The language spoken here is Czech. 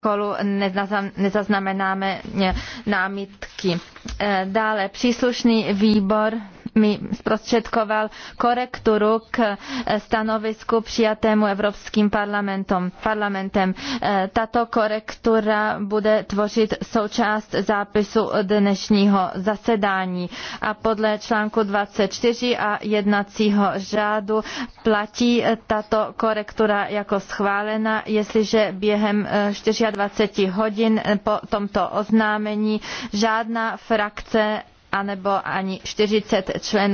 protokolu nezaznamenáme eh, námitky. Eh, dále příslušný výbor mi zprostředkoval korekturu k eh, stanovisku přijatému Evropským parlamentem. Eh, tato korektura bude tvořit součást zápisu dnešního zasedání a podle článku 24 a jednacího řádu platí tato korektura jako schválena, jestliže během 24 eh, hodin po tomto oznámení žádná frakce anebo ani 40 členů